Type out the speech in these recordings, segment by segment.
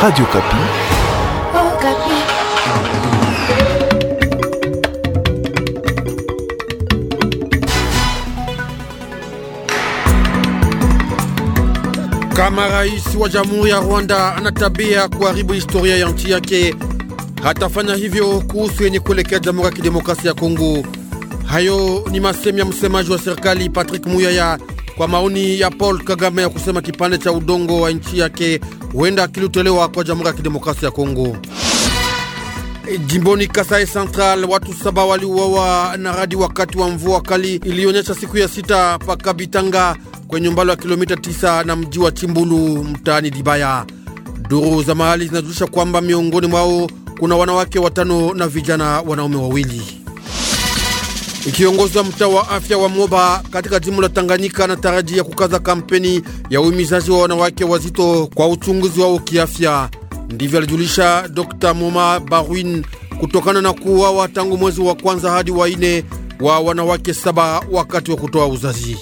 Radio Kapi. Oh, Kapi. Kama rais wa Jamhuri ya Rwanda ana tabia kuharibu historia ya nchi yake, hatafanya hivyo kuhusu yenye kuelekea Jamhuri ya Kidemokrasia ya Kongo. Hayo ni masemi ya msemaji wa serikali Patrick Muyaya kwa maoni ya Paul Kagame ya kusema kipande cha udongo wa nchi yake huenda kilitolewa kwa Jamhuri ya Kidemokrasia ya Kongo. E, jimboni Kasai Central watu saba waliuawa na radi wakati wa mvua kali ilionyesha siku ya sita paka Bitanga kwenye umbali wa kilomita 9 na mji wa Chimbulu mtaani Dibaya. Duru za mahali zinajulisha kwamba miongoni mwao kuna wanawake watano na vijana wanaume wawili. Kiongozi wa mtaa wa afya wa Moba katika jimbo la Tanganyika anatarajia kukaza kampeni ya uhimizaji wa wanawake wazito kwa uchunguzi wao kiafya. Ndivyo alijulisha Dr. Moma Barwin kutokana na kuuawa tangu mwezi wa kwanza hadi wa ine wa wanawake saba wakati wa kutoa uzazi.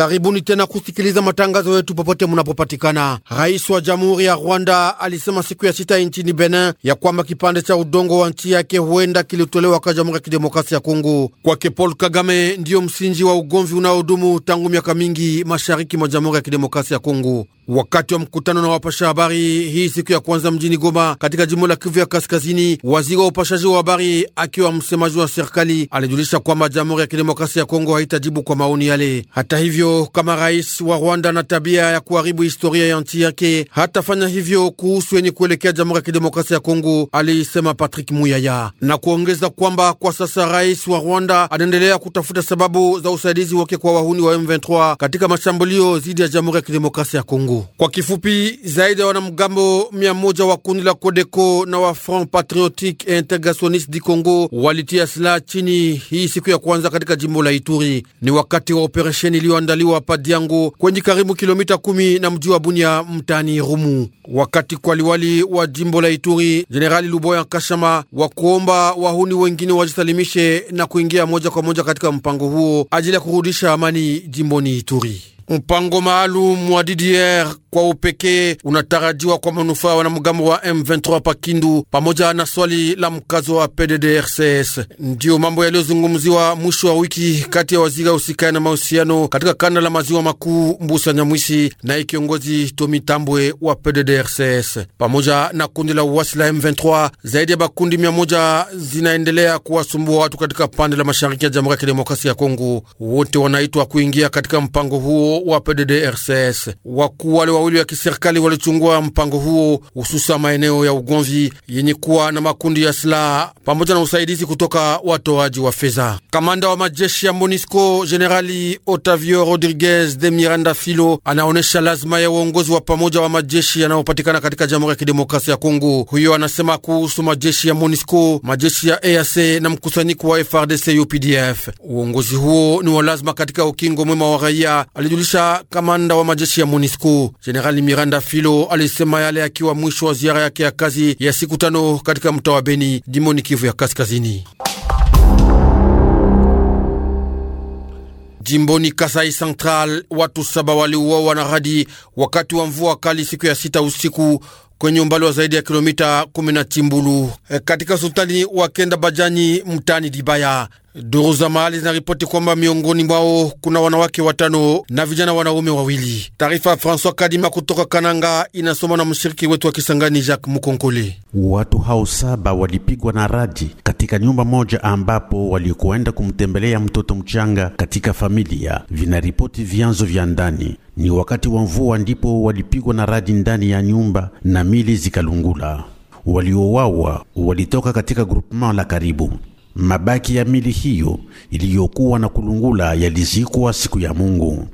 Karibuni tena kusikiliza matangazo yetu popote munapopatikana. Rais wa Jamhuri ya Rwanda alisema siku ya sita nchini Benin ya kwamba kipande cha udongo wa nchi yake huenda kilitolewa kwa Jamhuri ya Kidemokrasia ya Kongo. Kwake Paul Kagame ndiyo msingi wa ugomvi unaodumu tangu miaka mingi mashariki mwa Jamhuri ya Kidemokrasia ya Kongo. Wakati wa mkutano na wapasha habari hii siku ya kwanza mjini Goma katika jimbo la Kivu ya Kaskazini, waziri wa upashaji wa habari akiwa msemaji wa serikali alijulisha kwamba Jamhuri ya Kidemokrasia ya Kongo haitajibu kwa maoni yale. Hata hivyo, kama rais wa Rwanda na tabia ya kuharibu historia ya nchi yake, hatafanya hivyo kuhusu yenye kuelekea Jamhuri ya Kidemokrasia ya Kongo, aliisema Patrick Muyaya, na kuongeza kwamba kwa sasa rais wa Rwanda anaendelea kutafuta sababu za usaidizi wake kwa wahuni wa M23 katika mashambulio dhidi ya Jamhuri ya Kidemokrasia ya Kongo. Kwa kifupi, zaidi ya wanamgambo mia moja wa kundi la Kodeko na wa Front Patriotique et Integrationiste du Congo walitia silaha chini hii siku ya kwanza katika jimbo la Ituri. Ni wakati wa operesheni iliyoandaliwa Padiango kwenye karibu kilomita kumi na mji wa Bunia mtaani Rumu, wakati kwa liwali wa jimbo la Ituri Jenerali Luboya Kashama wa kuomba wahuni wengine wajisalimishe na kuingia moja kwa moja katika mpango huo ajili ya kurudisha amani jimboni Ituri mpango maalum wa DDR kwa upekee unatarajiwa kwa manufaa wanamgambo wa M23 Pakindu, pamoja na swali la mkazo wa PDDRCS. Ndiyo mambo yaliyozungumziwa mwisho wa wiki kati ya waziri usikae na mahusiano katika kanda la maziwa makuu Mbusa Nyamwisi na kiongozi Tomi Tambwe wa PDDRCS pamoja na kundi la uwasi la M23. Zaidi ya bakundi mia moja zinaendelea kuwasumbua watu katika pande la mashariki ya Jamhuri ya Kidemokrasia ya Kongo. Wote wanaitwa kuingia katika mpango huo wa PDDRCS. Wakuu wale wawili ya kiserikali walichungua mpango huo, hususa maeneo ya ugomvi yenye kuwa na makundi ya silaha pamoja na usaidizi kutoka watoaji wa fedha. Kamanda wa majeshi ya MONISCO Jenerali Otavio Rodriguez de Miranda Filo anaonyesha lazima ya uongozi wa pamoja wa majeshi yanayopatikana katika Jamhuri ya Kidemokrasia ya Kongo. Huyo anasema kuhusu majeshi ya MONISCO, majeshi ya EAC na mkusanyiko wa frdc UPDF. Uongozi huo ni wa lazima katika ukingo mwema wa raia, alijulisha kamanda wa majeshi ya MONISCO. Jenerali Miranda Filo alisema yale akiwa mwisho wa ziara yake ya kazi ya siku tano katika mtaa wa Beni, jimoni Kivu ya Kaskazini. Jimboni Kasai Central, watu saba waliuawa na radi wakati wa mvua kali siku ya sita usiku kwenye umbali wa zaidi ya kilomita kumi na timbulu eh, katika sultani wa Kenda Bajani mtani Dibaya. Duru za mahali zinaripoti kwamba miongoni mwao kuna wanawake watano na vijana wanaume wawili. Taarifa ya François Kadima kutoka Kananga inasoma na mshiriki wetu wa Kisangani Jacques mukonkole Watu hao saba walipigwa na radi katika nyumba moja ambapo walikuenda kumtembelea mtoto mchanga katika familia, vinaripoti vyanzo vya ndani. Ni wakati wa mvua ndipo walipigwa na radi ndani ya nyumba na mili zikalungula. Waliowawa walitoka katika groupement la karibu Mabaki ya mili hiyo iliyokuwa na kulungula yalizikwa siku ya Mungu.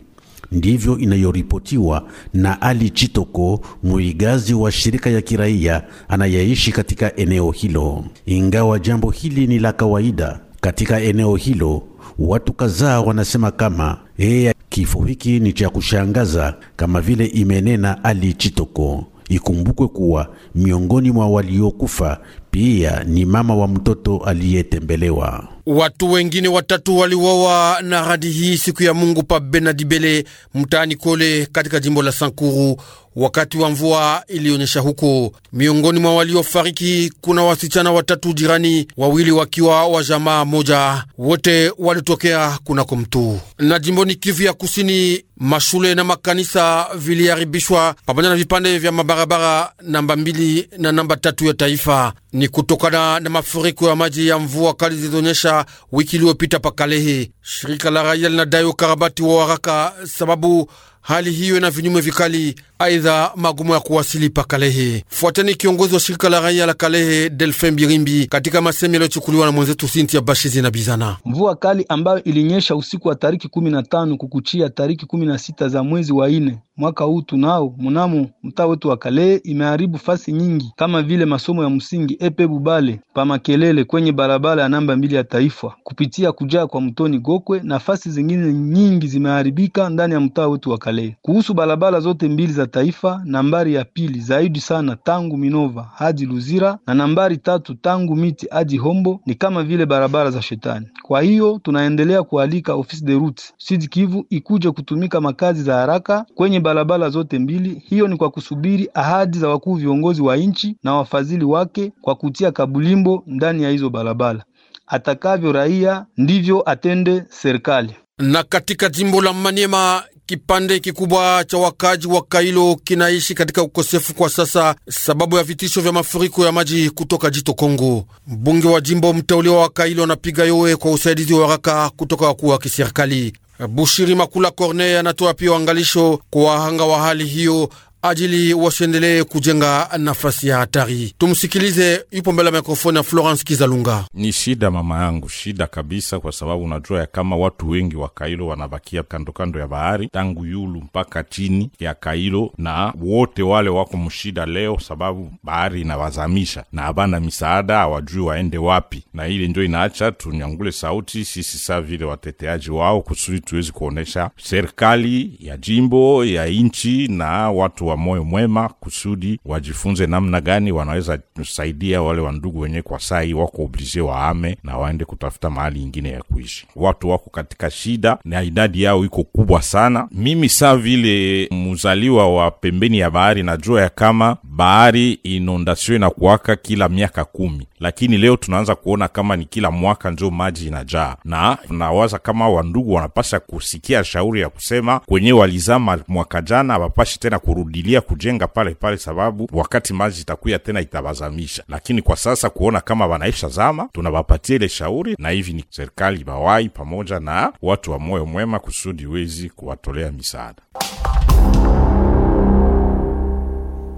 Ndivyo inayoripotiwa na Ali Chitoko, muigazi wa shirika ya kiraia anayeishi katika eneo hilo. Ingawa jambo hili ni la kawaida katika eneo hilo, watu kadhaa wanasema kama yeye, kifo hiki ni cha kushangaza, kama vile imenena Ali Chitoko. Ikumbukwe kuwa miongoni mwa waliokufa pia ni mama wa mtoto aliyetembelewa. Watu wengine watatu waliwawa na radi hii siku ya Mungu pa Benadibele mtaani Kole katika jimbo la Sankuru wakati wa mvua ilionyesha huko. Miongoni mwa waliofariki kuna wasichana watatu jirani, wawili wakiwa wa jamaa moja, wote walitokea kunako mtu. Na jimboni Kivu ya Kusini, mashule na makanisa viliharibishwa pamoja na vipande vya mabarabara namba mbili na namba tatu ya taifa. Ni kutokana na mafuriko ya maji ya mvua kali zilizonyesha wiki iliyopita pakalehe. Shirika la raia linadai ukarabati wa haraka, sababu hali hiyo ina vinyume vikali, aidha magumu ya kuwasili Pakalehe. Kalehe. Fuateni kiongozi wa shirika la raia la Kalehe, Delfin Birimbi, katika masemi yaliyochukuliwa na mwenzetu Sintia Bashizi na Bizana. Mvua kali ambayo ilinyesha usiku wa tariki 15 kukuchia tariki 16 kumi na sita za mwezi wa nne mwaka huu tunao mnamo mtaa wetu wa Kale imeharibu fasi nyingi kama vile masomo ya msingi epe Bubale pa Makelele kwenye barabara ya namba mbili ya taifa kupitia kujaa kwa mtoni Gokwe, na fasi zingine nyingi zimeharibika ndani ya mtaa wetu wa Kale. Kuhusu barabara zote mbili za taifa, nambari ya pili zaidi sana tangu Minova hadi Luzira na nambari tatu tangu Miti hadi Hombo ni kama vile barabara za shetani. Kwa hiyo tunaendelea kualika ofisi de route Sud Kivu ikuje kutumika makazi za haraka kwenye barabara zote mbili. Hiyo ni kwa kusubiri ahadi za wakuu viongozi wa nchi na wafadhili wake kwa kutia kabulimbo ndani ya hizo barabara. Atakavyo raia ndivyo atende serikali. Na katika jimbo la Maniema kipande kikubwa cha wakaji wa Kailo kinaishi katika ukosefu kwa sasa, sababu ya vitisho vya mafuriko ya maji kutoka jito Kongo. Mbunge wa jimbo mteuliwa wa Kailo anapiga yowe kwa usaidizi wa haraka kutoka wakuu wa kiserikali. Bushiri Makula Corneille anatoa pia uangalisho kwa wahanga wa hali hiyo ajili washendelee kujenga nafasi ya hatari. Tumsikilize, yupo mbele ya mikrofoni ya Florence Kizalunga. Ni shida mama yangu, shida kabisa, kwa sababu unajua ya kama watu wengi wa Kailo wanabakia kandokando ya bahari tangu Yulu mpaka chini ya Kailo, na wote wale wako mshida leo sababu bahari inawazamisha na habana misaada, hawajui waende wapi, na ile ndio inaacha tunyangule sauti sisi saa vile wateteaji wao kusudi tuwezi kuonesha serikali ya jimbo ya inchi na watu wa moyo mwema kusudi wajifunze namna gani wanaweza kusaidia wale wandugu wenye kwa hii wako oblige waame na waende kutafuta mahali ingine ya kuishi. Watu wako katika shida na idadi yao iko kubwa sana. Mimi saa vile muzaliwa wa pembeni ya bahari, na jua ya kama bahari inondasio inakuwaka kila miaka kumi, lakini leo tunaanza kuona kama ni kila mwaka njo maji inajaa, na nawaza kama wandugu wanapasha kusikia shauri ya kusema kwenye walizama mwaka jana wapashi tena kurudi watarudilia kujenga pale pale, sababu wakati maji itakuya tena itawazamisha. Lakini kwa sasa kuona kama wanaisha zama, tunawapatia ile shauri, na hivi ni serikali bawai pamoja na watu wa moyo mwema kusudi wezi kuwatolea misaada.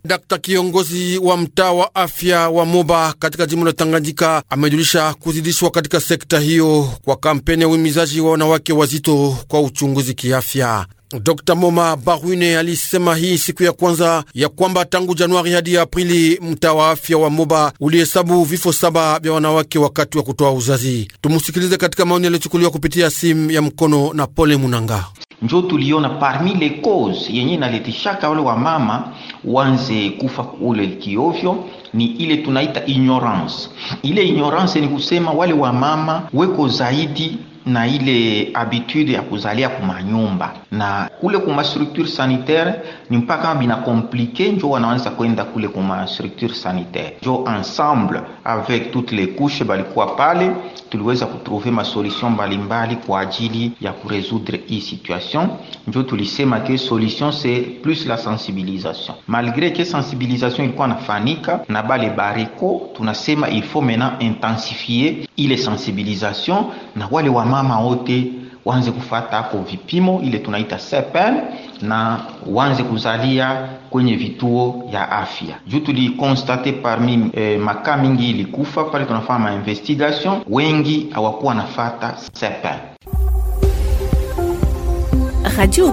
Dakta kiongozi wa mtaa wa afya wa Moba katika jimbo la Tanganyika amejulisha kuzidishwa katika sekta hiyo kwa kampeni ya uhimizaji wa wanawake wazito kwa uchunguzi kiafya. Dr Moma Barwine alisema hii siku ya kwanza ya kwamba tangu Januari hadi Aprili mtaa wa afya wa Moba ulihesabu vifo saba vya wanawake wakati wa kutoa uzazi. Tumusikilize katika maoni yaliyochukuliwa kupitia simu ya mkono na Pole Munanga. Njo tuliona parmi les causes yenye inalitishaka wale wa mama wanze kufa ule kiovyo ni ile tunaita ignorance. Ile ignorance ni kusema wale wa mama weko zaidi na ile habitude ya kuzalia kumanyumba na kule kuma structure sanitaire, ni mpaka bina komplike njo wanaanza kwenda kule kuma structure sanitaire. Jo ensemble avec toutes les couches balikuwa pale, tuliweza ma masolution mbalimbali kwa ajili ya kuresoudre hii situation. Njo tulisema ke solution c'est plus la sensibilisation, malgré ke sensibilisation ilikuwa nafanika na bale bariko tunasema il faut maintenant intensifier ile sensibilisation na wale wama wamama wote waanze kufata hapo vipimo ile tunaita sepel, na waanze kuzalia kwenye vituo ya afya juu tulikonstate parmi eh, makaa mingi ilikufa pale. Tunafanya mainvestigation, wengi hawakuwa nafata sepel. Radio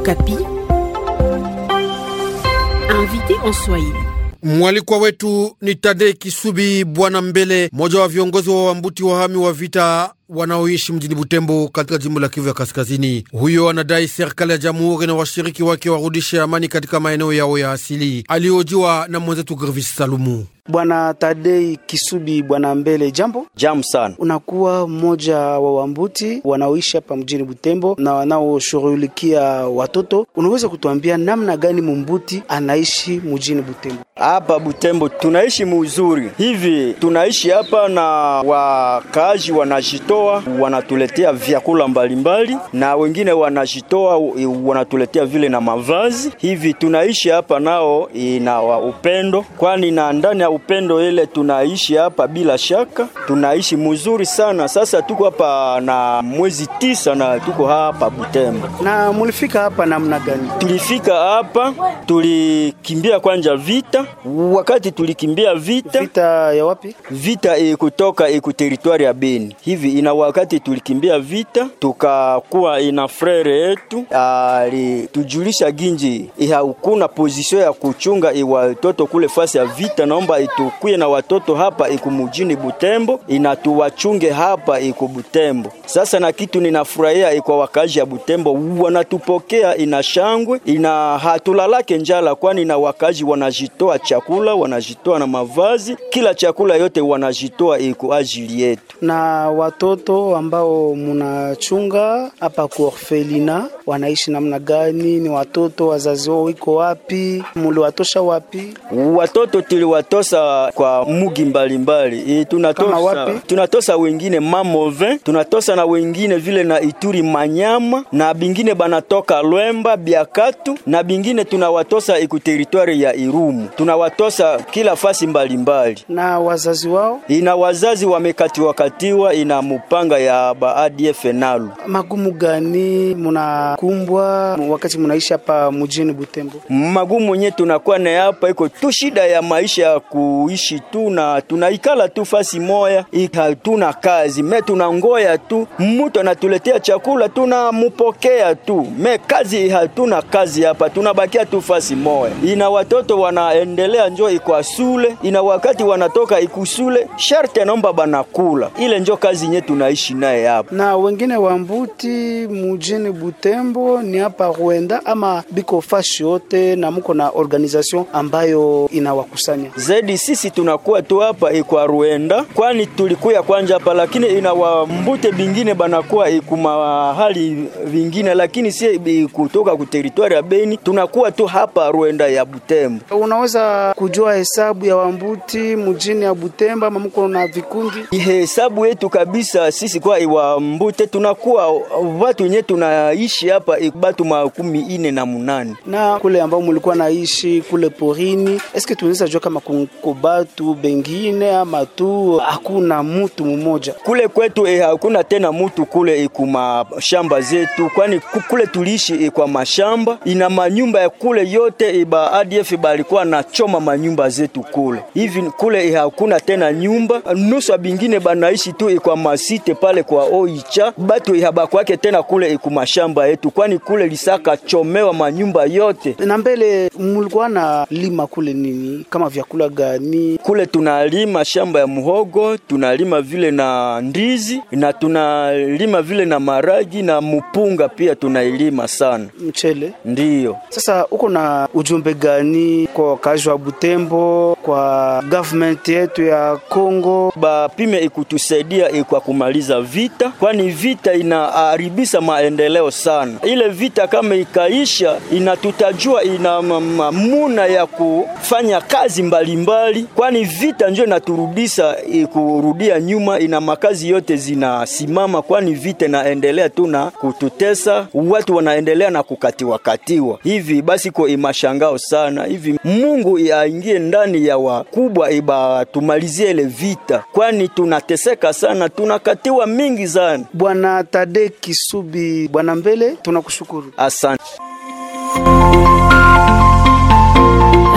invité en Swahili. Mwalikwa wetu ni tade Kisubi Bwana Mbele, mmoja wa viongozi wa wambuti wa hami wa vita wanaoishi mjini Butembo katika jimbo la Kivu ya Kaskazini. Huyo anadai serikali ya jamhuri na washiriki wake warudishe amani katika maeneo yao ya asili. aliojiwa na mwenzetu Grevis Salumu. Bwana Tadei Kisubi, bwana Mbele, jambo jamu sana. Unakuwa mmoja wa wambuti wanaoishi hapa mjini Butembo na wanaoshughulikia watoto. Unaweza kutuambia namna gani mumbuti anaishi mjini Butembo? Hapa Butembo tunaishi muzuri hivi, tunaishi hapa na wakaaji wanajito wanajitoa wanatuletea vyakula mbalimbali, na wengine wanajitoa wanatuletea vile na mavazi. Hivi tunaishi hapa nao ina upendo, kwani na ndani ya upendo ile tunaishi hapa, bila shaka tunaishi mzuri sana. Sasa tuko hapa na mwezi tisa na tuko hapa Butembo. Na mulifika hapa namna gani? Tulifika hapa tulikimbia kwanja vita, wakati tulikimbia vita, vita ya wapi? Vita ikutoka kutoka ya Beni hivi ina wakati tulikimbia vita, tukakuwa ina frere yetu alitujulisha ginji ihaukuna pozisio ya kuchunga iwatoto kule fasi ya vita, naomba itukuye na watoto hapa ikumujini Butembo, inatuwachunge hapa iku Butembo. Sasa na kitu ninafurahia ikwa wakazi ya Butembo wanatupokea ina shangwe, ina hatulalake njala, kwani na wakazi wanajitoa chakula, wanajitoa na mavazi, kila chakula yote wanajitoa iku ajili yetu na watoto watoto ambao mnachunga hapa ku orfelina wanaishi namna gani? Ni watoto wazazi wao iko wapi? muliwatosha wapi? Watoto tuliwatosa kwa mugi mbalimbali, eh, tunatosa tunatosa wengine Mamove, tunatosa na wengine vile na Ituri Manyama, na bingine banatoka Lwemba Biakatu, na bingine tunawatosa iku teritwari ya Irumu, tunawatosa kila fasi mbalimbali mbali. Na wazazi wao ina wazazi wamekatiwakatiwa ina mupanga ya baadf nalo. Magumu gani munakumbwa wakati munaishi hapa mjini Butembo? Magumu nye tunakuwa na hapa iko tu shida ya maisha ya kuishi tu na tunaikala tu fasi moya, hatuna kazi me tunangoya tu mtu anatuletea chakula tunamupokea tu me kazi, hatuna kazi hapa, tunabakia tu fasi moya. Ina watoto wanaendelea njo ikwasule, ina wakati wanatoka ikusule, sharti anaomba banakula ile njo kazi nye tunaishi naye hapa, na wengine wa Mbuti mujini Butembo ni hapa Rwanda ama biko fashi yote, na mko na organization ambayo inawakusanya zaidi. Sisi tunakuwa tu hapa ikwa Rwanda, kwani tulikuya kwanja hapa, lakini ina wambute bingine banakuwa ikuma hali vingine, lakini si kutoka ku ya Beni, tunakuwa tu hapa Rwanda ya Butembo. Unaweza kujua hesabu ya wambuti mujini ya Butembo ama mko na vikundi? Hesabu yetu kabisa sisi kwa iwa Mbute tunakuwa watu wenye tunaishi hapa batu makumi ine na munane na kule ambao mulikuwa naishi kule porini. Eske tunaweza jua kama kunko batu bengine ama tu hakuna mutu mmoja kule kwetu? Eh, hakuna tena mutu kule ikuma shamba zetu, kwani kule tuliishi kwa mashamba ina manyumba ya kule yote iba ADF balikuwa na choma manyumba zetu kule hivi. Kule eh, hakuna tena nyumba nusu, bingine banaishi tu kwa masi site pale kwa Oicha, batu habakwake tena kule ikumashamba yetu, kwani kule lisaka chomewa manyumba yote. Na mbele mulikuwa na lima kule nini, kama vyakula gani? Kule tunalima shamba ya muhogo, tunalima vile na ndizi na tunalima vile na maragi na mupunga pia tunailima sana, mchele ndiyo. Sasa uko na ujumbe gani kwa wakazi wa Butembo, kwa government yetu ya Kongo, bapime ikutusaidia ikwa kuma kumaliza vita, kwani vita inaharibisa maendeleo sana. Ile vita kama ikaisha, inatutajua ina mamuna ya kufanya kazi mbalimbali mbali, kwani vita ndio inaturudisa kurudia nyuma, ina makazi yote zinasimama, kwani vita inaendelea tu na kututesa, watu wanaendelea na kukatiwa katiwa hivi. Basi ko imashangao sana hivi, Mungu aingie ndani ya wakubwa ibatumalizie ile vita, kwani tunateseka sana tunaka tutapatiwa mingi sana. Bwana Tade Kisubi, bwana Mbele, tunakushukuru, asante.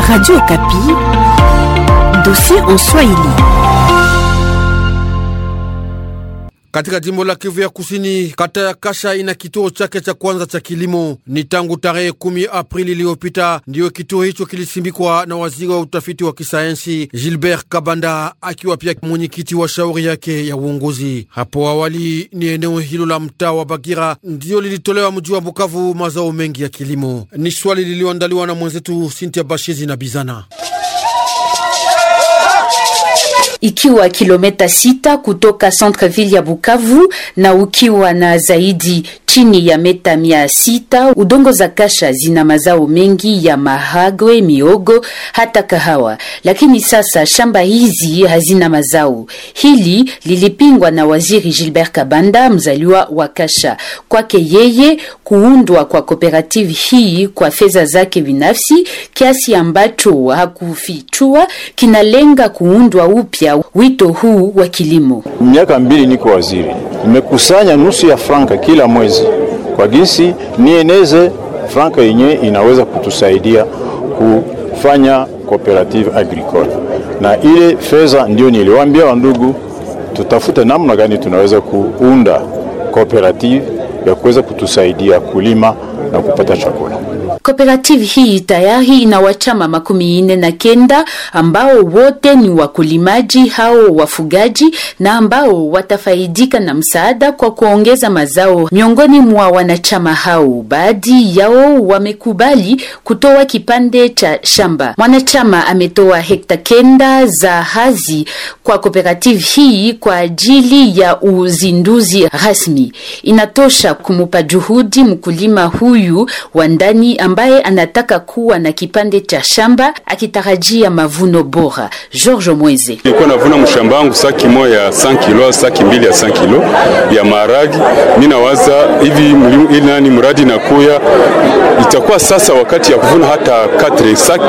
Radio Kapi, dossier en Swahili. Katika jimbo la Kivu ya Kusini, kata ya Kasha ina kituo chake cha kwanza cha kilimo. Ni tangu tarehe kumi Aprili iliyopita ndiyo kituo hicho kilisimbikwa na waziri wa utafiti wa kisayansi Gilbert Kabanda, akiwa pia mwenyekiti wa shauri yake ya uongozi. Hapo awali ni eneo hilo la mtaa wa Bagira ndiyo lilitolewa mji wa Bukavu mazao mengi ya kilimo. Ni swali lililoandaliwa na mwenzetu Sintia Bashizi na Bizana ikiwa kilometa sita kutoka centre ville ya Bukavu na ukiwa na zaidi Chini ya meta mia sita udongo za kasha zina mazao mengi ya mahagwe, miogo hata kahawa, lakini sasa shamba hizi hazina mazao. Hili lilipingwa na waziri Gilbert Kabanda, mzaliwa wa Kasha. Kwake yeye, kuundwa kwa kooperative hii kwa fedha zake binafsi, kiasi ambacho hakufichua, kinalenga kuundwa upya wito huu wa kilimo. Miaka mbili niko waziri, imekusanya nusu ya franka kila mwezi kwa gisi nieneze franka yenyewe inaweza kutusaidia kufanya cooperative agricole, na ile fedha ndio niliwaambia wandugu, tutafute namna gani tunaweza kuunda cooperative ya kuweza kutusaidia kulima na kupata chakula. Kooperative hii tayari ina wachama makumi nne na kenda ambao wote ni wakulimaji hao wafugaji na ambao watafaidika na msaada kwa kuongeza mazao. Miongoni mwa wanachama hao, baadhi yao wamekubali kutoa kipande cha shamba. Mwanachama ametoa hekta kenda za hazi kwa kooperative hii kwa ajili ya uzinduzi rasmi. Inatosha kumupa juhudi mkulima huyu wa ndani ambaye anataka kuwa na kipande cha shamba akitarajia mavuno bora. George Mweze: nilikuwa navuna mshamba wangu saki moja ya 5 kilo, saki mbili ya 5 kilo ya maharagi. Mimi nawaza hivi ili nani mradi nakuya itakuwa sasa wakati ya kuvuna hata 4 sac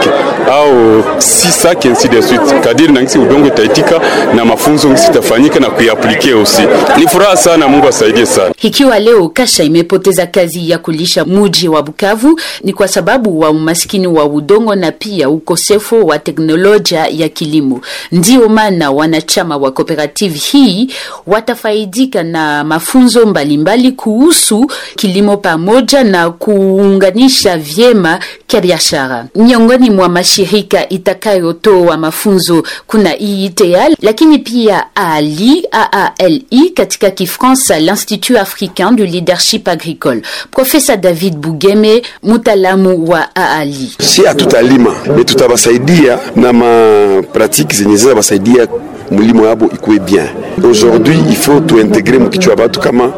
au si sac nsi de suite, kadiri na ngisi udongo itaitika na mafunzo ngisi itafanyika na kuiaplikia usi. Ni furaha sana, Mungu asaidie sana. Ikiwa leo kasha imepoteza kazi ya kulisha muji wa Bukavu ni kwa sababu wa umaskini wa udongo na pia ukosefu wa teknolojia ya kilimo. Ndio maana wanachama wa kooperative hii watafaidika na mafunzo mbalimbali mbali kuhusu kilimo pamoja na kuunga kuunganisha vyema biashara. Miongoni mwa mashirika itakayotoa mafunzo kuna IITL, lakini pia ALI, AALI katika Kifransa, l'Institut Africain du Leadership Agricole. Profesa David Bugeme, mutalamu wa AALI: si hatutalima, me tutabasaidia na mapratiki zenye zinabasaidia mulimo yabo ikuwe bien. Aujourd'hui il faut tuintegre mukichwa batu kama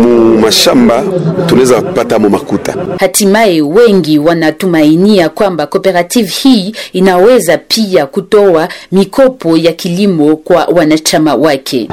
mu mashamba tunaweza pata mu makuta. Hatimaye wengi wanatumainia kwamba kooperative hii inaweza pia kutoa mikopo ya kilimo kwa wanachama wake.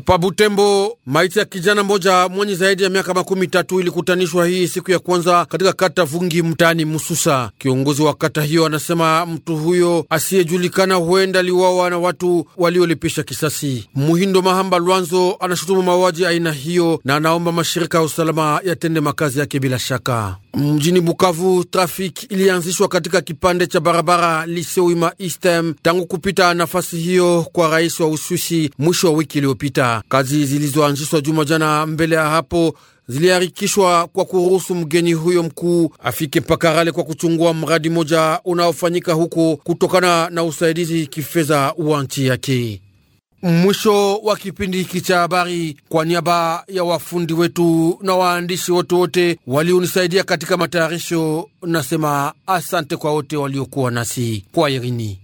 Pa Butembo, maiti ya kijana mmoja mwenye zaidi ya miaka makumi tatu ilikutanishwa hii siku ya kwanza katika kata Vungi mtaani Mususa. Kiongozi wa kata hiyo anasema mtu huyo asiyejulikana huenda liwawa na watu waliolipisha kisasi. Muhindo Mahamba Lwanzo anashutumu mauaji aina hiyo na anaomba mashirika ya usalama yatende makazi yake bila shaka. Mjini Bukavu, trafik ilianzishwa katika kipande cha barabara Lisewima Istem tangu kupita nafasi hiyo kwa rais wa Uswisi mwisho wa wiki iliyopita sita. Kazi zilizoanzishwa juma jana mbele ya hapo ziliharikishwa kwa kuruhusu mgeni huyo mkuu afike Pakarale kwa kuchungua mradi moja unaofanyika huko kutokana na usaidizi kifedha wa nchi yake. Mwisho wa kipindi hiki cha habari, kwa niaba ya wafundi wetu na waandishi wote wote walionisaidia katika matayarisho, nasema asante kwa wote waliokuwa nasi kwa Irini.